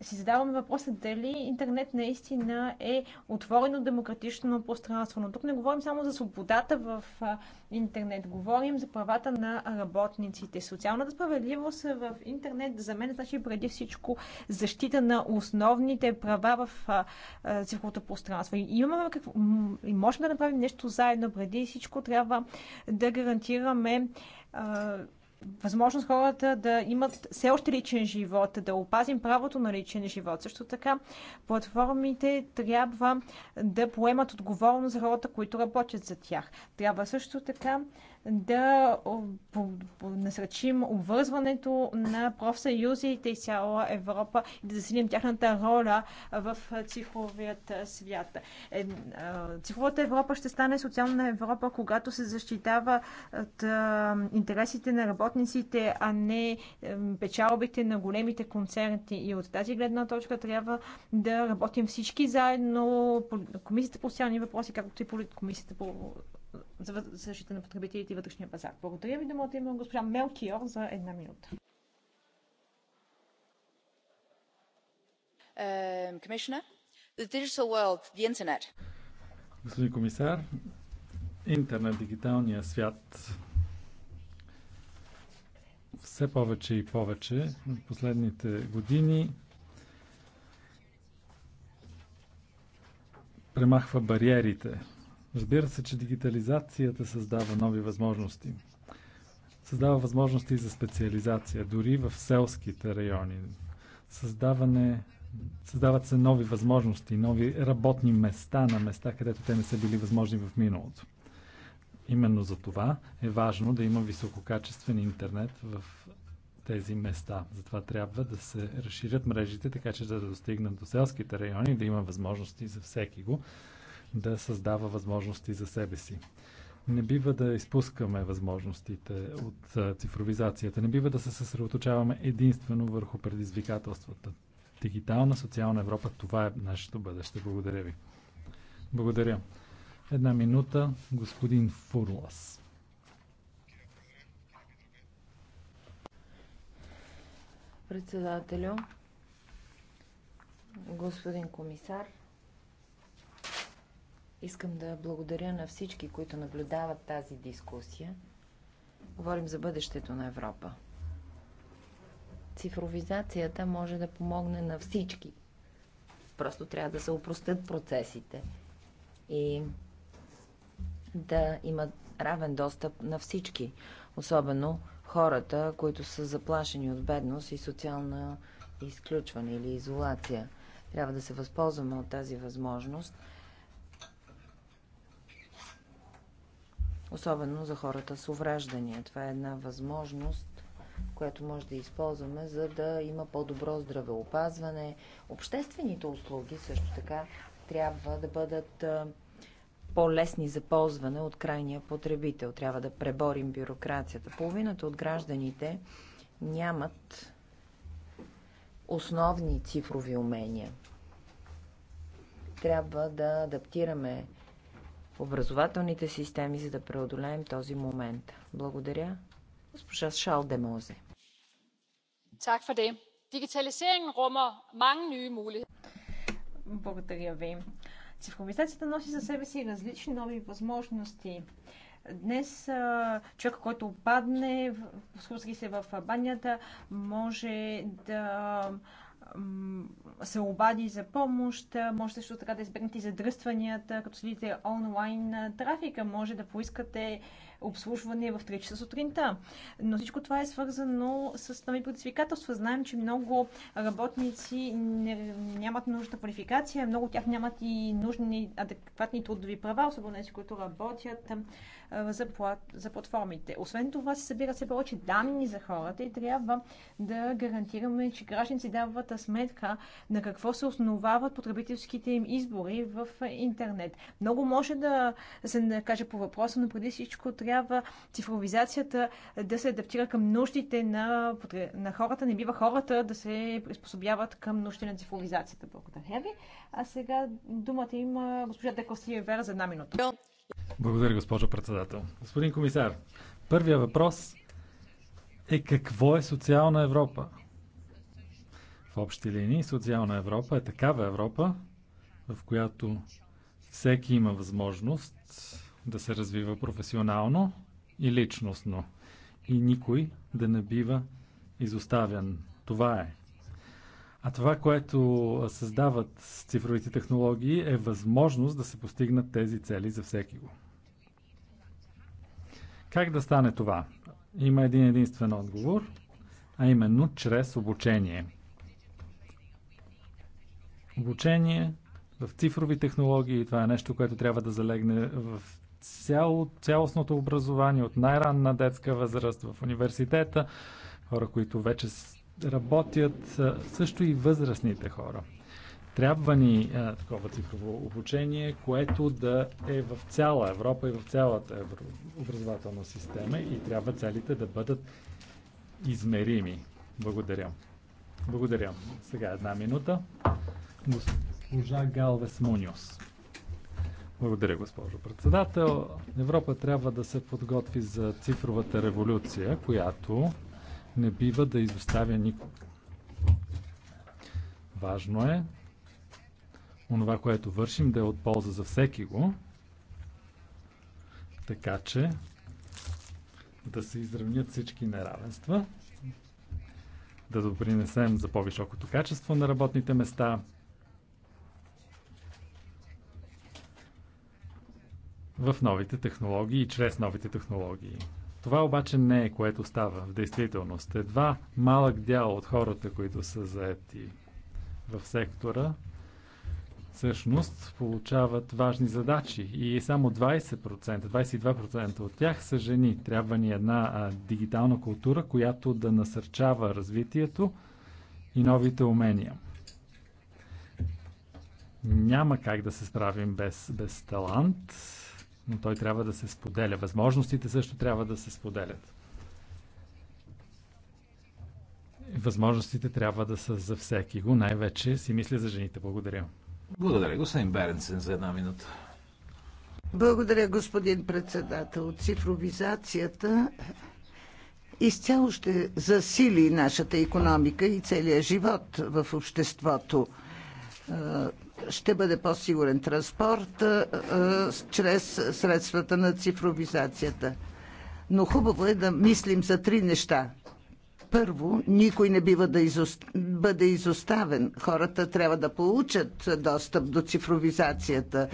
си задаваме въпроса дали интернет наистина е отворено демократично пространство. Но тук не говорим само за свободата в интернет, говорим за правата на работниците. Социалната справедливост в интернет за мен значи преди всичко защита на основните права в цифровото пространство. И имаме какво, и можем да направим нещо заедно. Преди всичко трябва да гарантираме възможност хората да имат все още личен живот, да опазим правото на личен живот. Също така, платформите трябва да поемат отговорност за хората, които работят за тях. Трябва също така да насръчим обвързването на профсъюзите и цяла Европа и да засилим тяхната роля в цифровият свят. Цифровата Европа ще стане социална Европа, когато се защитават интересите на работниците, а не печалбите на големите концерти. И от тази гледна точка трябва да работим всички заедно, Комисията по социални въпроси, както и Комисията по за защита на потребителите и вътрешния пазар. Благодаря ви, думата имам госпожа Мелкиор за една минута. Господин комисар, интернет, дигиталния свят все повече и повече в последните години премахва бариерите Разбира се, че дигитализацията създава нови възможности. Създава възможности за специализация, дори в селските райони. Създаване, създават се нови възможности, нови работни места на места, където те не са били възможни в миналото. Именно за това е важно да има висококачествен интернет в тези места. Затова трябва да се разширят мрежите, така че да достигнат до селските райони, да има възможности за всеки го да създава възможности за себе си. Не бива да изпускаме възможностите от цифровизацията. Не бива да се съсредоточаваме единствено върху предизвикателствата. Дигитална социална Европа, това е нашето бъдеще. Благодаря ви. Благодаря. Една минута, господин Фурлас. Председателю, господин комисар, Искам да благодаря на всички, които наблюдават тази дискусия. Говорим за бъдещето на Европа. Цифровизацията може да помогне на всички. Просто трябва да се упростят процесите и да имат равен достъп на всички, особено хората, които са заплашени от бедност и социална изключване или изолация. Трябва да се възползваме от тази възможност – особено за хората с увреждания. Това е една възможност, която може да използваме, за да има по-добро здравеопазване. Обществените услуги също така трябва да бъдат по-лесни за ползване от крайния потребител. Трябва да преборим бюрокрацията. Половината от гражданите нямат основни цифрови умения. Трябва да адаптираме образователните системи, за да преодолеем този момент. Благодаря. Госпожа Шал Демозе. Благодаря ви. Цифровизацията носи за себе си различни нови възможности. Днес човек, който падне, спускайки се в банята, може да се обади за помощ, може също така да избегнете задръстванията, като следите онлайн трафика, може да поискате обслужване в 3 часа сутринта. Но всичко това е свързано с нови предизвикателства. Знаем, че много работници не, нямат нужна квалификация, много от тях нямат и нужни адекватни трудови права, особено тези, които работят за, плат, за платформите. Освен това се събира се повече данни за хората и трябва да гарантираме, че гражданите дават сметка на какво се основават потребителските им избори в интернет. Много може да се каже по въпроса, но преди всичко трябва трябва цифровизацията да се адаптира към нуждите на, на хората. Не бива хората да се приспособяват към нуждите на цифровизацията. Благодаря ви. А сега думата има госпожа Декосия Вера за една минута. Благодаря, госпожо председател. Господин комисар, първия въпрос е какво е социална Европа? В общи линии социална Европа е такава Европа, в която всеки има възможност да се развива професионално и личностно. И никой да не бива изоставян. Това е. А това, което създават цифровите технологии, е възможност да се постигнат тези цели за всеки го. Как да стане това? Има един единствен отговор, а именно чрез обучение. Обучение в цифрови технологии, това е нещо, което трябва да залегне в цяло, цялостното образование от най-ранна детска възраст в университета, хора, които вече работят, също и възрастните хора. Трябва ни а, такова цифрово обучение, което да е в цяла Европа и в цялата евро... образователна система и трябва целите да бъдат измерими. Благодаря. Благодаря. Сега една минута. Госпожа Галвес Муниос. Благодаря, госпожо председател. Европа трябва да се подготви за цифровата революция, която не бива да изоставя никого. Важно е онова, което вършим, да е от полза за всеки го, така че да се изравнят всички неравенства, да допринесем за по-високото качество на работните места, в новите технологии и чрез новите технологии. Това обаче не е което става в действителност. Едва малък дял от хората, които са заети в сектора, всъщност получават важни задачи и само 20%, 22% от тях са жени. Трябва ни една а, дигитална култура, която да насърчава развитието и новите умения. Няма как да се справим без, без талант но той трябва да се споделя. Възможностите също трябва да се споделят. Възможностите трябва да са за всеки го. Най-вече си мисля за жените. Благодаря. Благодаря, господин Беренсен, за една минута. Благодаря, господин председател. Цифровизацията изцяло ще засили нашата економика и целия живот в обществото. Е, ще бъде по-сигурен транспорт е, чрез средствата на цифровизацията. Но хубаво е да мислим за три неща. Първо, никой не бива да изост... бъде изоставен. Хората трябва да получат достъп до цифровизацията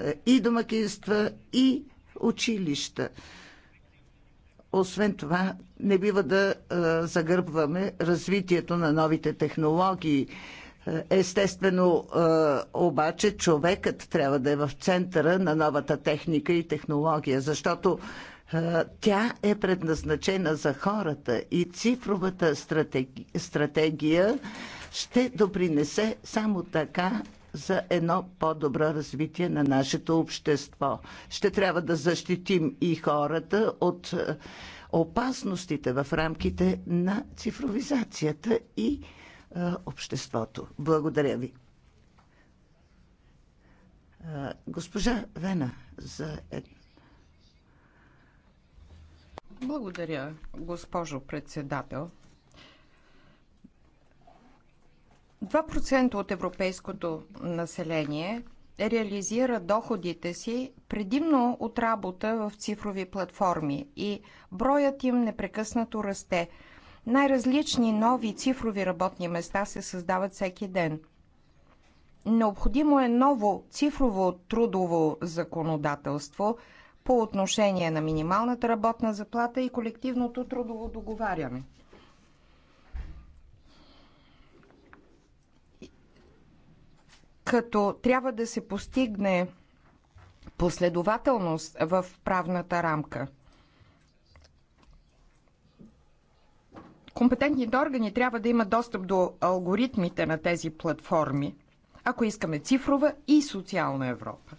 е, и домакинства, и училища. Освен това, не бива да загърбваме развитието на новите технологии Естествено, е, обаче, човекът трябва да е в центъра на новата техника и технология, защото е, тя е предназначена за хората и цифровата стратегия ще допринесе само така за едно по-добро развитие на нашето общество. Ще трябва да защитим и хората от е, опасностите в рамките на цифровизацията и обществото. Благодаря ви. Госпожа Вена за една. Благодаря, госпожо председател. 2% от европейското население реализира доходите си предимно от работа в цифрови платформи и броят им непрекъснато расте – най-различни нови цифрови работни места се създават всеки ден. Необходимо е ново цифрово трудово законодателство по отношение на минималната работна заплата и колективното трудово договаряне. Като трябва да се постигне последователност в правната рамка – Компетентните органи трябва да имат достъп до алгоритмите на тези платформи, ако искаме цифрова и социална Европа.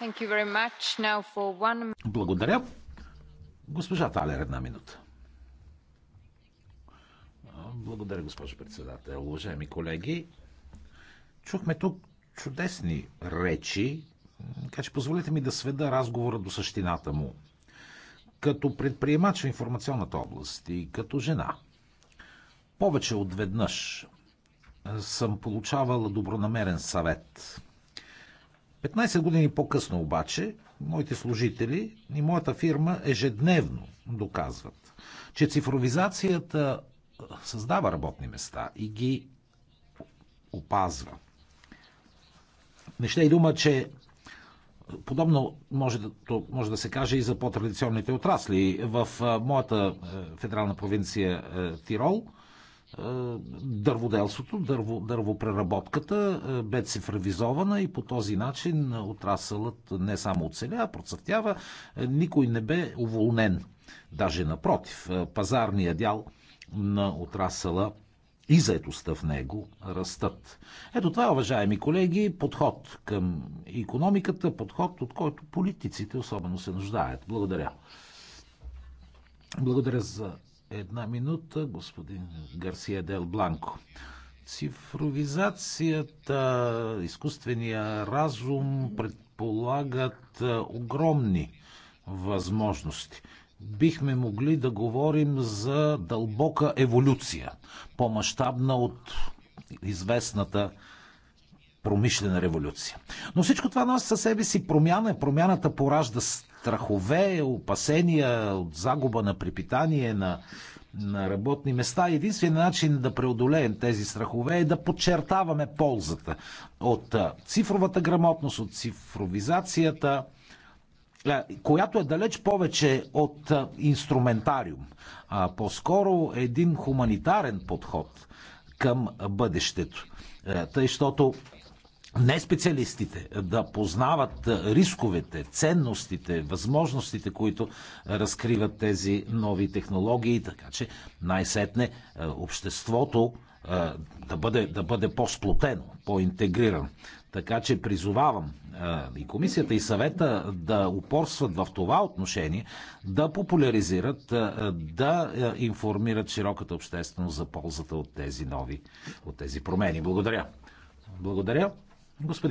One... Благодаря. Госпожа Талер, една минута. Благодаря, госпожо председател. Уважаеми колеги, чухме тук чудесни речи, така че позволете ми да сведа разговора до същината му като предприемач в информационната област и като жена, повече от веднъж съм получавала добронамерен съвет. 15 години по-късно обаче, моите служители и моята фирма ежедневно доказват, че цифровизацията създава работни места и ги опазва. Не ще и дума, че Подобно може да, може да се каже и за по-традиционните отрасли. В моята федерална провинция Тирол дърводелството, дърво, дървопреработката бе цифровизована и по този начин отрасълът не само оцеля, процъфтява, никой не бе уволнен. Даже напротив, пазарния дял на отрасъла и заетостта в него растат. Ето това, е, уважаеми колеги, подход към економиката, подход, от който политиците особено се нуждаят. Благодаря. Благодаря за една минута, господин Гарсия Дел Бланко. Цифровизацията, изкуствения разум предполагат огромни възможности бихме могли да говорим за дълбока еволюция, по-масштабна от известната промишлена революция. Но всичко това носи със себе си промяна. Промяната поражда страхове, опасения от загуба на припитание, на, на работни места. Единственият начин да преодолеем тези страхове е да подчертаваме ползата от цифровата грамотност, от цифровизацията – е, която е далеч повече от е, инструментариум, а по-скоро един хуманитарен подход към бъдещето. Е, тъй, защото не специалистите да познават рисковете, ценностите, възможностите, които разкриват тези нови технологии, така че най-сетне обществото да бъде, да бъде по-сплотено, по-интегрирано. Така че призовавам и комисията, и съвета да упорстват в това отношение, да популяризират, да информират широката общественост за ползата от тези нови, от тези промени. Благодаря. Благодаря. Господин